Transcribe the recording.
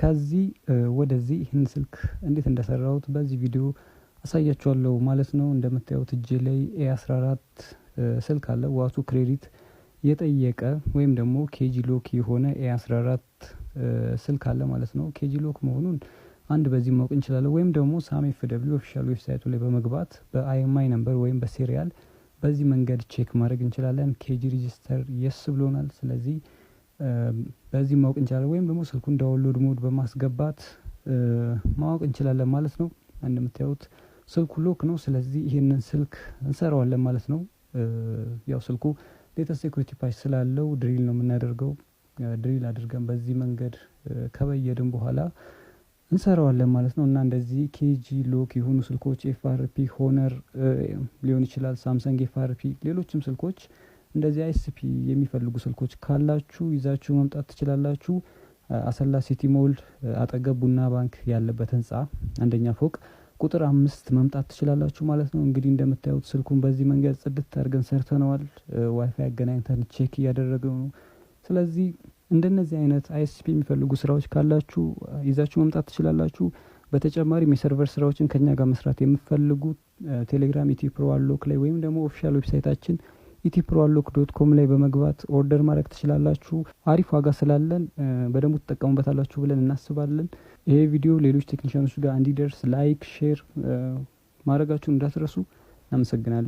ከዚህ ወደዚህ ይህን ስልክ እንዴት እንደሰራሁት በዚህ ቪዲዮ አሳያችኋለሁ ማለት ነው። እንደምታዩት እጄ ላይ ኤ14 ስልክ አለ። ዋቱ ክሬዲት የጠየቀ ወይም ደግሞ ኬጂ ሎክ የሆነ ኤ14 ስልክ አለ ማለት ነው። ኬጂ ሎክ መሆኑን አንድ በዚህ ማወቅ እንችላለን። ወይም ደግሞ ሳም ኤፍ ደብሊው ኦፊሻል ዌብሳይቱ ላይ በመግባት በአይኤምአይ ነንበር ወይም በሴሪያል በዚህ መንገድ ቼክ ማድረግ እንችላለን። ኬጂ ሬጂስተር የስ ብሎናል። ስለዚህ በዚህ ማወቅ እንችላለን ወይም ደግሞ ስልኩን ዳውንሎድ ሞድ በማስገባት ማወቅ እንችላለን ማለት ነው። እንደምታዩት ስልኩ ሎክ ነው። ስለዚህ ይህንን ስልክ እንሰራዋለን ማለት ነው። ያው ስልኩ ዴታ ሴኩሪቲ ፓች ስላለው ድሪል ነው የምናደርገው። ድሪል አድርገን በዚህ መንገድ ከበየድን በኋላ እንሰራዋለን ማለት ነው እና እንደዚህ ኬጂ ሎክ የሆኑ ስልኮች ኤፍአርፒ ሆነር ሊሆን ይችላል ሳምሰንግ ኤፍአርፒ ሌሎችም ስልኮች እንደዚህ አይስፒ የሚፈልጉ ስልኮች ካላችሁ ይዛችሁ መምጣት ትችላላችሁ። አሰላ ሲቲ ሞል አጠገብ ቡና ባንክ ያለበት ህንፃ አንደኛ ፎቅ ቁጥር አምስት መምጣት ትችላላችሁ ማለት ነው። እንግዲህ እንደምታዩት ስልኩን በዚህ መንገድ ጽድት አድርገን ሰርተነዋል። ዋይፋይ አገናኝተን ቼክ እያደረገው ነው። ስለዚህ እንደነዚህ አይነት አይስፒ የሚፈልጉ ስራዎች ካላችሁ ይዛችሁ መምጣት ትችላላችሁ። በተጨማሪም የሰርቨር ስራዎችን ከኛ ጋር መስራት የምፈልጉ ቴሌግራም ኢትዮ ፕሮ አሎክ ላይ ወይም ደግሞ ኦፊሻል ዌብሳይታችን ኢቲፕሮአሎክ ዶት ኮም ላይ በመግባት ኦርደር ማድረግ ትችላላችሁ። አሪፍ ዋጋ ስላለን በደንቡ ትጠቀሙበታላችሁ ብለን እናስባለን። ይሄ ቪዲዮ ሌሎች ቴክኒሽያኖች ጋር እንዲደርስ ላይክ፣ ሼር ማድረጋችሁን እንዳትረሱ። እናመሰግናለን።